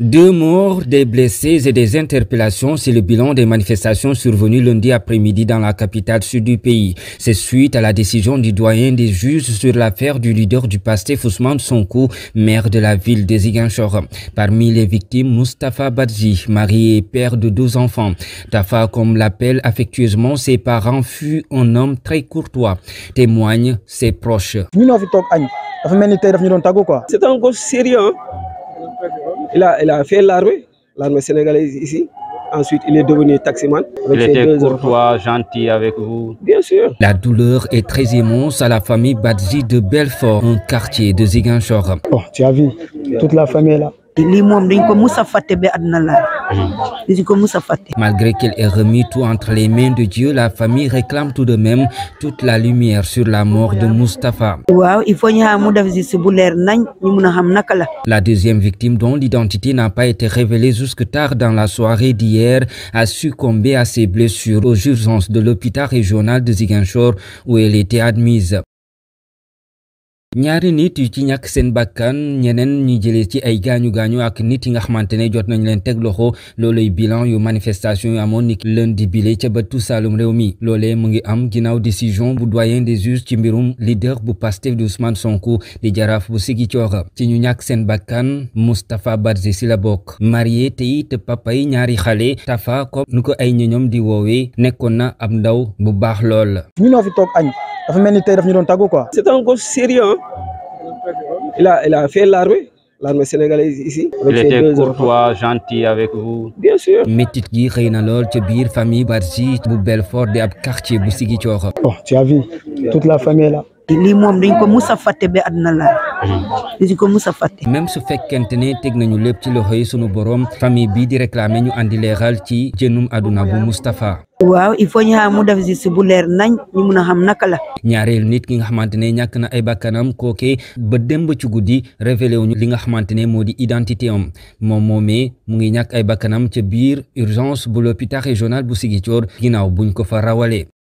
Deux morts, des blessés et des interpellations, c'est le bilan des manifestations survenues lundi après-midi dans la capitale sud du pays. C'est suite à la décision du doyen des juges sur l'affaire du leader du pasté Ousmane Sonko, maire de la ville de Ziganchor. Parmi les victimes, Mustafa Badji, marié et père de deux enfants. Tafa, comme l'appelle affectueusement ses parents, fut un homme très courtois, témoignent ses proches. C'est un sérieux. Hein. Il a, fait l'armée, l'armée sénégalaise ici. Ensuite, il est devenu taximan. Il était courtois, gentil avec vous. Bien sûr. La douleur est très immense à la famille Badzi de Belfort, un quartier de Ziganchor. Bon, oh, tu as vu, toute la famille est là. Malgré qu'elle ait remis tout entre les mains de Dieu, la famille réclame tout de même toute la lumière sur la mort de Mustapha. La deuxième victime, dont l'identité n'a pas été révélée jusque tard dans la soirée d'hier, a succombé à ses blessures aux urgences de l'hôpital régional de Ziguinchor où elle était admise. ñaari nit yu ci ñàkk seen bakkan ñeneen ñu jëlee ci ay gaañu gaañu ak nit yi nga xamante ne jot nañ leen teg loxo loolay bilan yu manifestation yu amoon leen di bile ca bëtu saalum réew mi loolee mu ngi am ginnaaw décision bu doyen des juges ci mbirum leader bu Pastef di Ousmane Sonko di jaraaf bu Ziguinchor ci ñu ñàkk seen bakkan Moustapha Badji si la bokk tey te it papay ñaari xale Tafa ko nu ko ay ñoñom di woowee nekkoon na ab ndaw bu baax lool. ñu quoi. c'est un gros sérieux hein. il a il a fait l'armée l'armée sénégalaise ici. il était courtois gentil avec vous. bien sûr. métit gi xëy na lool ca biir famille Barsi bu Belfort di ab quartier bu tu as vu toute la famille là. lii moom dañ ko a fàtte di si a même su fekkente ne teg nañu lépp ci loxo yi suñu borom famille bii di réclamer ñu andi leeral ci jënum àdduna bu Moustapha waaw il faut ñu xam mu def si bu leer nañ ñu mun a xam naka la. ñaareel nit ki nga xamante ne ñàkk na ay bakkanam kooke ba démb ci guddi révélé wuñu li nga xamante ne moo di identité am moom moomee mu ngi ñàkk ay bakkanam ca biir urgence bu l'hôpital régional bu Ziguinchor ginnaaw buñ ko fa rawalee.